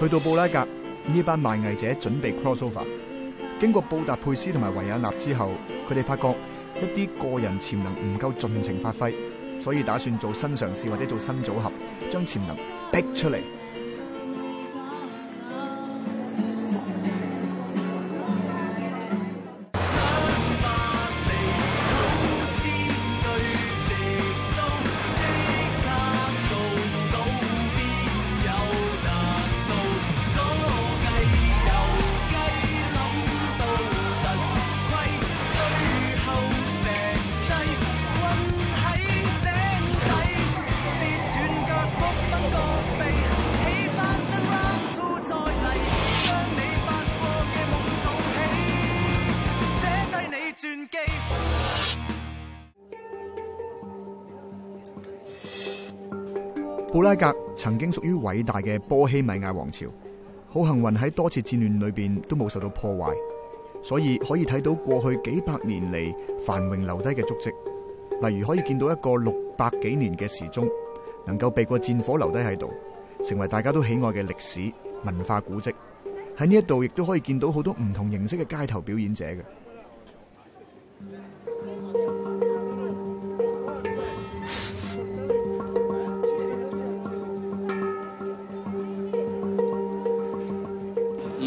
去到布拉格，呢班賣藝者準備 cross over。經過布達佩斯同埋維也納之後，佢哋發覺一啲個人潛能唔夠盡情發揮，所以打算做新嘗試或者做新組合，將潛能逼出嚟。布拉格曾經屬於偉大嘅波希米亞王朝，好幸運喺多次戰亂裏邊都冇受到破壞，所以可以睇到過去幾百年嚟繁榮留低嘅足跡。例如可以見到一個六百幾年嘅時鐘，能夠避過戰火留低喺度，成爲大家都喜愛嘅歷史文化古跡。喺呢一度亦都可以見到好多唔同形式嘅街頭表演者嘅。嗯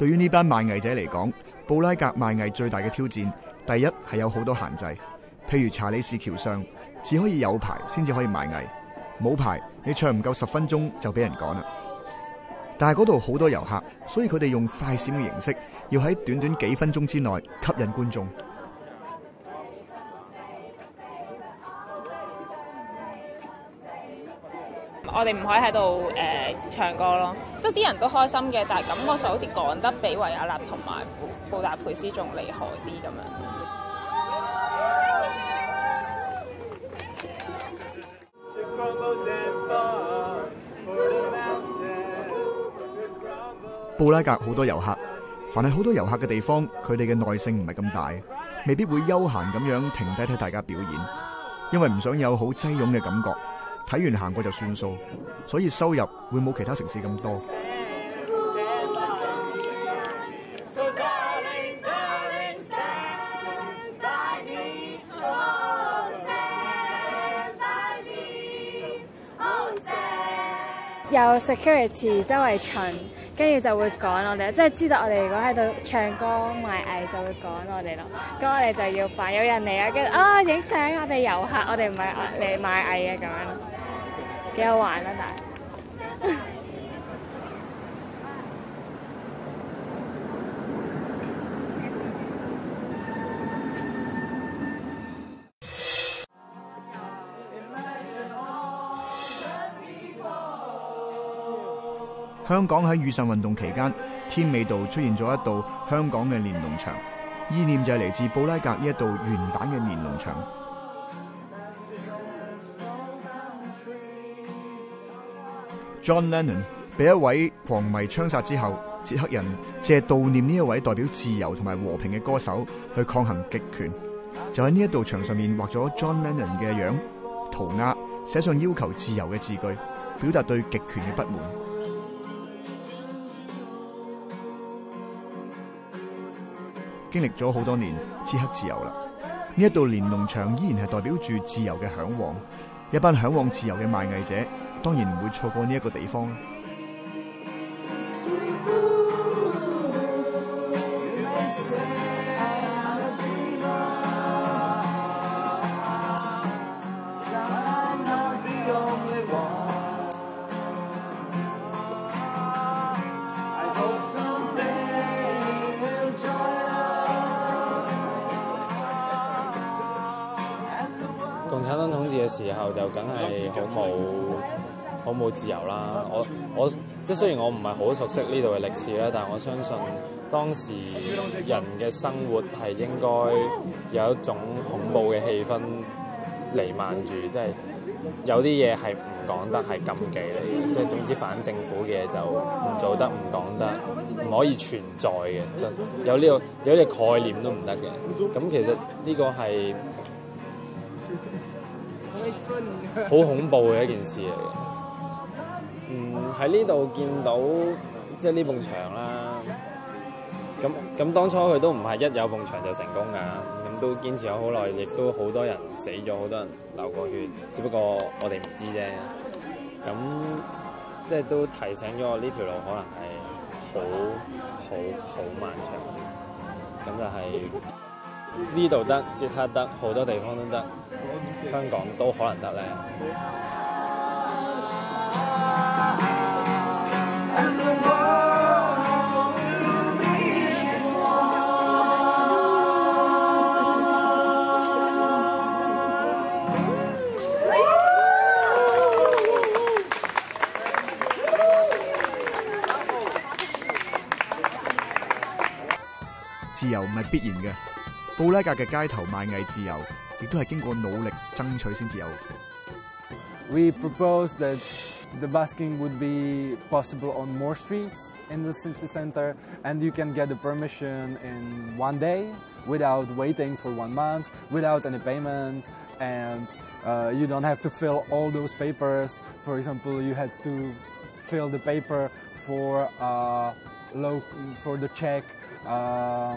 對於呢班賣藝者嚟講，布拉格賣藝最大嘅挑戰，第一係有好多限制，譬如查理士橋上只可以有牌先至可以賣藝，冇牌你唱唔夠十分鐘就俾人趕啦。但係嗰度好多遊客，所以佢哋用快閃嘅形式，要喺短短幾分鐘之內吸引觀眾。我哋唔可以喺度誒唱歌咯，即係啲人都開心嘅，但係感覺上好似講得比維也納同埋布布達佩斯仲厲害啲咁樣。布拉格好多遊客，凡係好多遊客嘅地方，佢哋嘅耐性唔係咁大，未必會悠閒咁樣停低睇大家表演，因為唔想有好擠擁嘅感覺。睇完行過就算數，所以收入會冇其他城市咁多。有 security 周圍巡，跟住就會趕我哋，即係知道我哋如果喺度唱歌賣藝就會趕我哋咯。咁我哋就要扮有人嚟啊，跟住啊影相，我哋遊客，我哋唔係嚟賣藝嘅咁樣。幾好玩啦，但係香港喺雨傘運動期間，添美道出現咗一道香港嘅連儂牆，意念就係嚟自布拉格呢一道原版嘅連儂牆。John Lennon 被一位狂迷槍殺之後，捷克人借悼念呢一位代表自由同埋和平嘅歌手，去抗衡極權，就喺呢一度牆上面畫咗 John Lennon 嘅樣，塗鴉，寫上要求自由嘅字句，表達對極權嘅不滿。經歷咗好多年，捷克自由啦，呢一度連儂牆依然係代表住自由嘅向往，一班向往自由嘅賣藝者。當然唔會錯過呢一個地方。共產黨統治嘅時候，就梗係好冇。好冇自由啦！我我即係雖然我唔係好熟悉呢度嘅歷史啦，但係我相信當時人嘅生活係應該有一種恐怖嘅氣氛瀰漫住，即係有啲嘢係唔講得係禁忌嚟嘅，即係總之反政府嘅嘢就唔做得唔講得，唔可以存在嘅，呢個，有呢個有呢個概念都唔得嘅。咁其實呢個係好恐怖嘅一件事嚟嘅。嗯，喺呢度見到即係呢埲牆啦，咁咁當初佢都唔係一有埲牆就成功噶，咁都堅持咗好耐，亦都好多人死咗，好多人流過血，只不過我哋唔知啫。咁即係都提醒咗我呢條路可能係好好好漫長。咁就係呢度得，捷克得，好多地方都得，香港都可能得咧。 必然嘅布拉格嘅街頭賣藝自由，亦都係經過努力爭取先至有。We proposed that the busking would be possible on more streets in the city center, and you can get the permission in one day without waiting for one month, without any payment, and, uh, you don't have to fill all those papers. For example, you had to fill the paper for, uh, for the check, uh,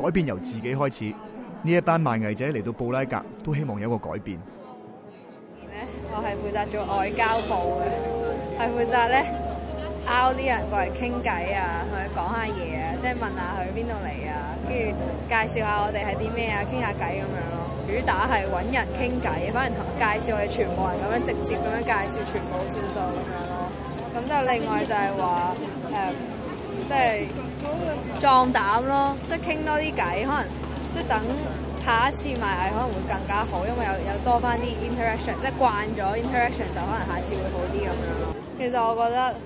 改變由自己開始。呢一班賣藝者嚟到布拉格，都希望有個改變。而呢我係負責做外交部嘅，係負責咧撓啲人過嚟傾偈啊，同佢講下嘢，啊，即係問下佢邊度嚟啊，跟住介紹一下我哋係啲咩啊，傾下偈咁樣咯。主打係揾人傾偈，反而介紹我哋全部人，咁樣直接咁樣介紹全部算數咁樣咯，啊。咁就另外就係話誒，即係。壯膽咯，即係傾多啲偈，可能即係等下一次賣藝，可能會更加好，因為有有多翻啲 interaction，即係慣咗 interaction 就可能下次會好啲咁樣咯。其實我覺得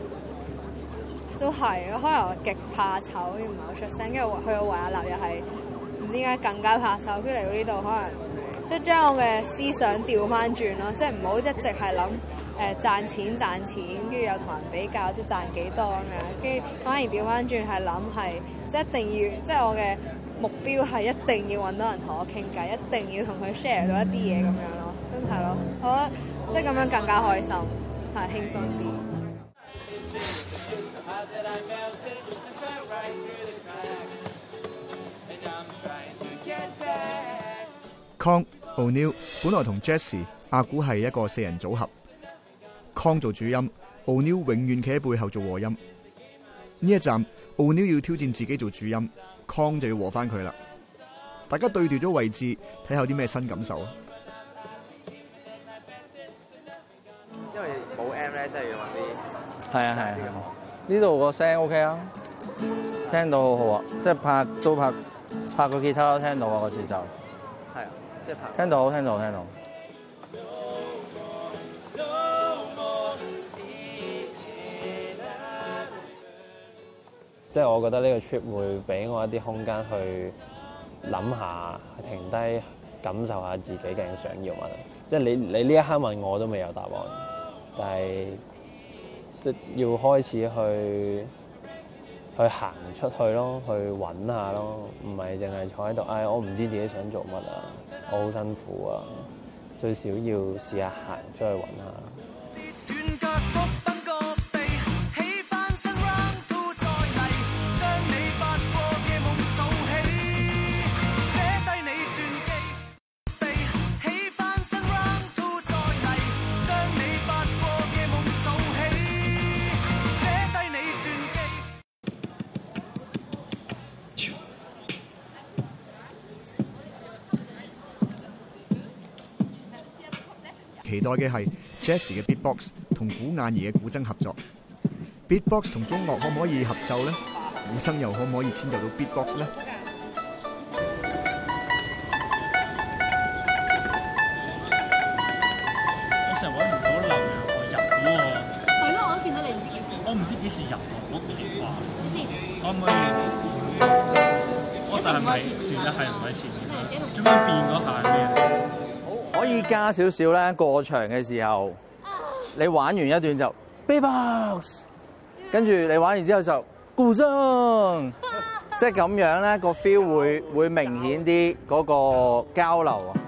都係咯，可能我極怕醜，唔係好出聲。跟住去到維也納又係唔知點解更加怕醜。跟住嚟到呢度，可能即係將我嘅思想調翻轉咯，即係唔好一直係諗。誒賺錢賺錢，跟住又同人比較，即係賺幾多啊！跟住反而調翻轉，係諗係即係一定要，即係我嘅目標係一定要揾到人同我傾偈，一定要同佢 share 到一啲嘢咁樣咯，真係咯，我覺得即係咁樣更加開心，但係輕鬆啲。Kong O'Neil 本來同 Jesse 阿古係一個四人組合。c 康做主音，奧尼爾永遠企喺背後做和音。呢一站，奧尼爾要挑戰自己做主音，c 康就要和翻佢啦。大家對調咗位置，睇下有啲咩新感受 M, B, 啊！因為冇 M 咧，即係咁啊！係啊係啊係呢度個聲 O K 啊，聽到好好啊！即、就、係、是、拍都拍，拍個吉他都聽到啊！嗰時就係、是、啊，即係拍聽到聽到聽到。聽到聽到即係我覺得呢個 trip 會俾我一啲空間去諗下，停低感受下自己嘅想要乜。即係你你呢一刻問我，我都未有答案，但係即係要開始去去行出去咯，去揾下咯。唔係淨係坐喺度，唉、哎，我唔知自己想做乜啊，我好辛苦啊。最少要試下行出去揾下。期待嘅係 Jess 嘅 Beatbox 同古眼兒嘅古箏合作，Beatbox 同中樂可唔可以合奏咧？古箏又可唔可以遷就到 Beatbox 咧？嗰陣唔到流入台入咗喎，係咯，我都見到你唔知幾時我唔知幾時入喎，好奇怪。我係咪？嗰陣係咪試係唔係前？做咩變嗰下嘅？加少少咧，過場嘅時候，你玩完一段就 B-box，跟住你玩完之後就鼓掌，即係咁樣咧，個 feel 會會明顯啲，嗰個交流。啊。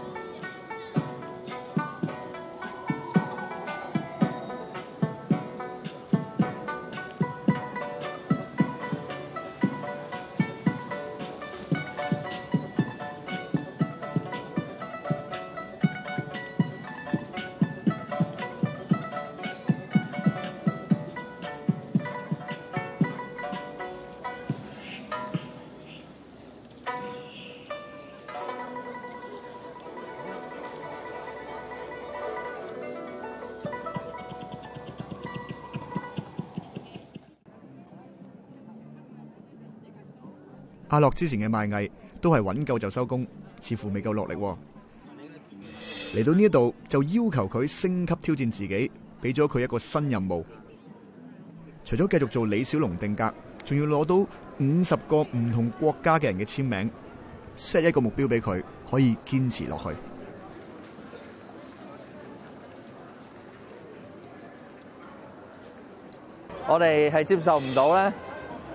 阿樂之前嘅賣藝都係揾夠就收工，似乎未夠落力啊。嚟到呢一度就要求佢升級挑戰自己，俾咗佢一個新任務。除咗繼續做李小龍定格，仲要攞到五十個唔同國家嘅人嘅簽名，set 一個目標俾佢可以堅持落去。我哋係接受唔到呢，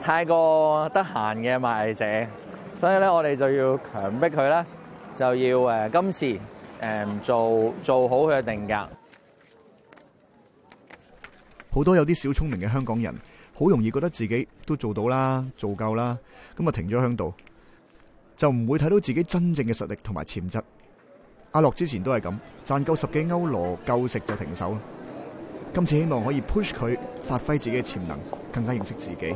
太過得閒嘅賣藝者，所以咧我哋就要強迫佢咧，就要今次做做好佢嘅定格。好多有啲小聰明嘅香港人，好容易覺得自己都做到啦，做夠啦，咁啊停咗喺度，就唔會睇到自己真正嘅實力同埋潛質。阿樂之前都係咁，賺夠十幾歐羅夠食就停手。今次希望可以 push 佢發揮自己嘅潛能，更加認識自己。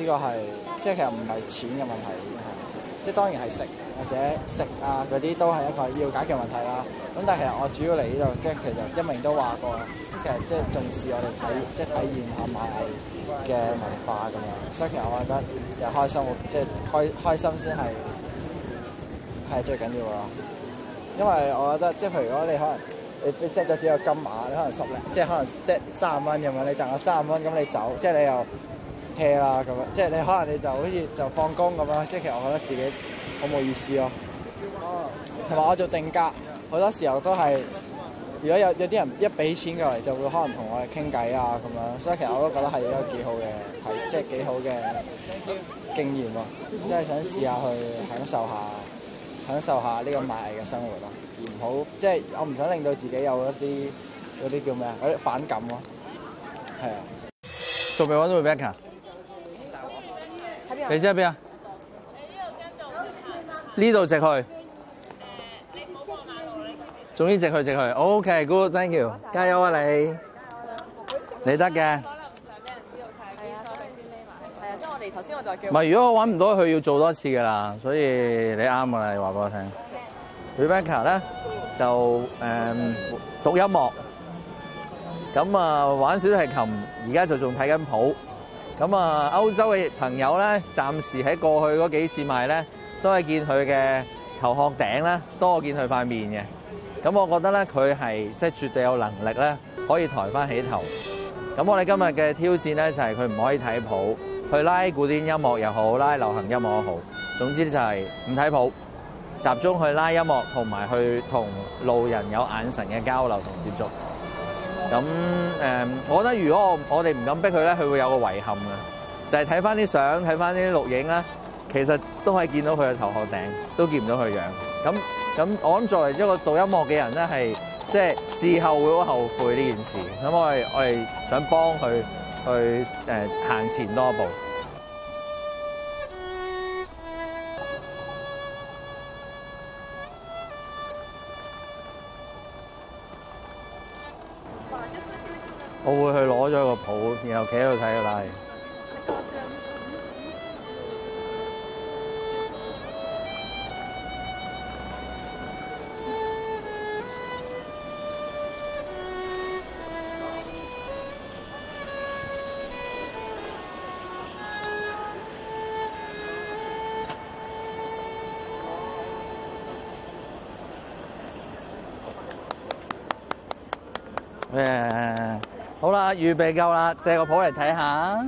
呢個係即係其實唔係錢嘅問題，即係當然係食或者食啊嗰啲都係一個要解決問題啦。咁但係其實我主要嚟呢度，即係其實一明都話過，即係即係重視我哋體即係體驗下賣藝嘅文化咁樣。所以其實我覺得又開心，即係開開心先係係最緊要咯。因為我覺得即係譬如講你可能你 set 咗只有金額，你可能十零即係可能 set 三十蚊咁樣，你賺咗三十蚊咁你走，即係你又。車啦咁樣，即係你可能你就好似就放工咁樣，即係其實我覺得自己好冇意思咯、啊。同埋我做定格，好多時候都係如果有有啲人一俾錢過嚟，就會可能同我哋傾偈啊咁樣，所以其實我都覺得係一個幾好嘅，即係幾好嘅經驗喎、啊。即係想試下去享受下，享受下呢個賣藝嘅生活咯、啊，而唔好即係我唔想令到自己有一啲嗰啲叫咩啊，嗰啲反感咯。係啊，仲未揾到 b a c k 啊？你知喺邊啊？呢度直去。你唔好過馬路。仲要直去直去。OK，good，thank you，加油啊你！你得嘅。唔想俾人知道睇。係啊，所以我哋頭先我就叫。唔係，如果我搵唔到，佢要做多次噶啦，所以你啱噶啦，你話俾我聽。Rebecca 咧，就誒讀音樂，咁啊玩小提琴，而家就仲睇緊譜。咁啊，歐洲嘅朋友咧，暫時喺過去嗰幾次賣咧，都係見佢嘅頭殼頂咧，多見佢塊面嘅。咁我覺得咧，佢係即係絕對有能力咧，可以抬翻起頭。咁我哋今日嘅挑戰咧，就係佢唔可以睇譜，去拉古典音樂又好，拉流行音樂又好，總之就係唔睇譜，集中去拉音樂同埋去同路人有眼神嘅交流同接觸。咁誒，我覺得如果我我哋唔敢逼佢咧，佢會有個遺憾啊！就係睇翻啲相，睇翻啲錄影啦，其實都可以見到佢嘅頭殼頂，都見唔到佢樣。咁咁，我諗作為一個導音樂嘅人咧，係即係事後會好後悔呢件事。咁我哋我哋想幫佢去誒行前多一步。我會去攞咗一個譜，然後企喺度睇個例。預備夠啦，借個譜嚟睇下，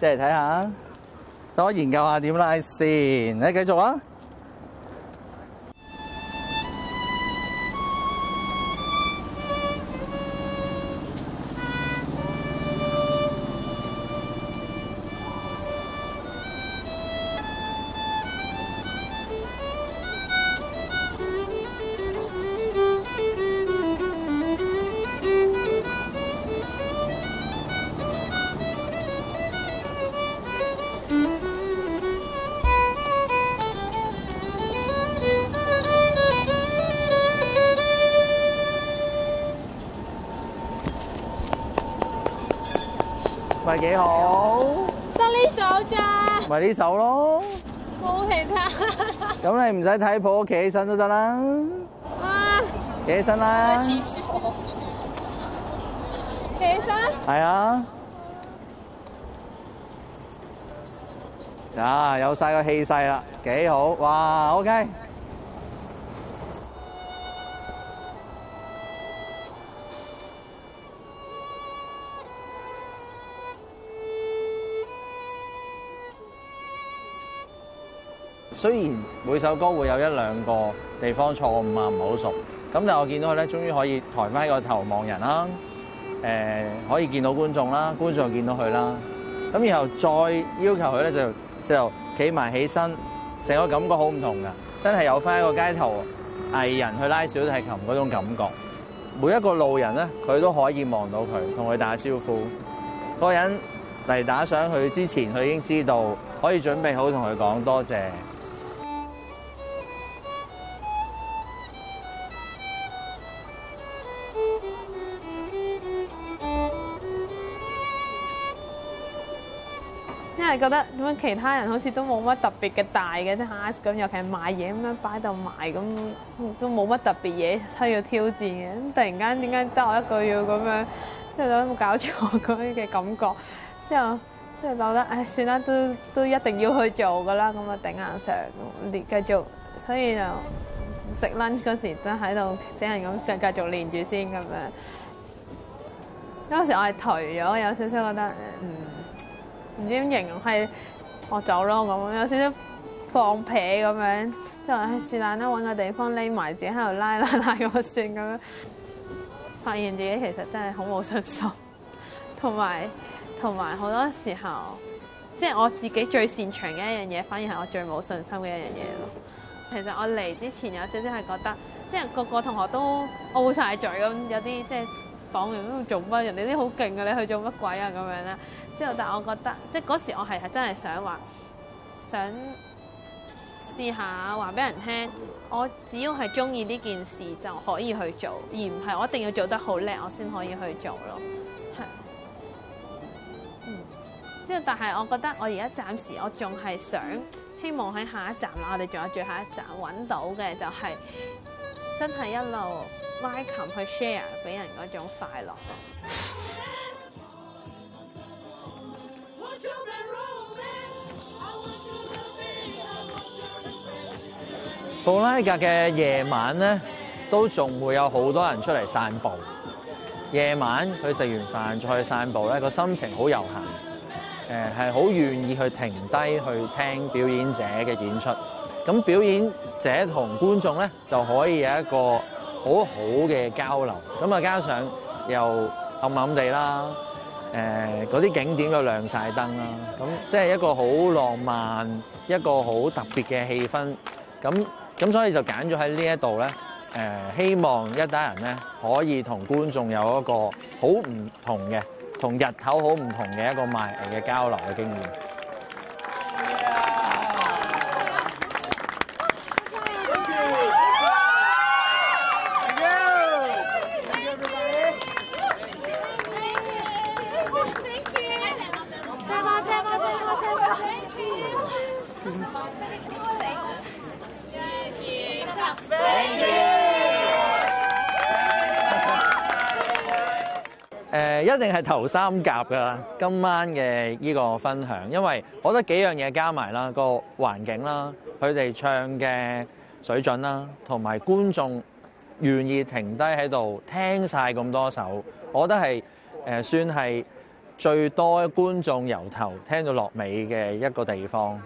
借嚟睇下，多研究一下點拉線，你繼續啦。好得呢首咋？咪呢首咯，冇其他。咁你唔使睇譜，企起身都得啦。啊！企起身啦！企起身。係啊。啊，有晒個氣勢啦，幾好哇！OK。雖然每首歌會有一兩個地方錯誤啊，唔係好熟咁，但係我見到佢咧，終於可以抬翻個頭望人啦。誒、呃，可以見到觀眾啦，觀眾見到佢啦。咁然後再要求佢咧，就就企埋起身，成個感覺好唔同㗎。真係有翻一個街頭藝人去拉小提琴嗰種感覺。每一個路人咧，佢都可以望到佢，同佢打招呼。嗰個人嚟打賞佢之前，佢已經知道可以準備好同佢講多謝。覺得咁樣其他人好似都冇乜特別嘅大嘅，即係 house 咁，尤其係賣嘢咁樣擺度賣咁，都冇乜特別嘢需要挑戰嘅。突然間點解得我一個要咁樣，即係有冇搞錯咁樣嘅感覺。之後即係覺得唉、哎，算啦，都都一定要去做㗎啦，咁啊頂硬上練繼續。所以就食 lunch 嗰時都喺度死人咁繼續練住先咁樣。當時我係頹咗，有少少覺得嗯。唔知點形容，係我走咯咁，有少少放屁的咁樣，即係喺是但啦，揾個地方匿埋，自己喺度拉拉拉我線咁樣，發現自己其實真係好冇信心，同埋同埋好多時候，即係我自己最擅長嘅一樣嘢，反而係我最冇信心嘅一樣嘢咯。其實我嚟之前有少少係覺得，即係個個同學都傲晒嘴咁，有啲即係講完都做乜，人哋啲好勁嘅，你去做乜鬼啊咁樣啦。之後，但係我覺得，即係嗰時我係係真係想話，想試下話俾人聽。我只要係中意呢件事就可以去做，而唔係我一定要做得好叻，我先可以去做咯。係，嗯。即係，但係我覺得我而家暫時我仲係想希望喺下一站啦，我哋仲有最後一站找的、就是，揾到嘅就係真係一路拉琴去 share 俾人嗰種快樂咯。布拉格嘅夜晚咧，都仲會有好多人出嚟散步。夜晚佢食完飯再去散步咧，個心情好悠閒，誒係好願意去停低去聽表演者嘅演出。咁表演者同觀眾咧就可以有一個好好嘅交流。咁啊，加上又暗暗地啦，誒嗰啲景點都亮晒燈啦，咁即係一個好浪漫、一個好特別嘅氣氛。咁咁所以就揀咗喺呢一度咧，誒希望一班人咧可以同觀眾有一個好唔同嘅，日同日頭好唔同嘅一個賣藝嘅、呃、交流嘅經驗。一定係頭三甲㗎啦！今晚嘅呢個分享，因為我覺得幾樣嘢加埋啦，個環境啦，佢哋唱嘅水準啦，同埋觀眾願意停低喺度聽晒咁多首，我覺得係誒、呃、算係最多觀眾由頭聽到落尾嘅一個地方。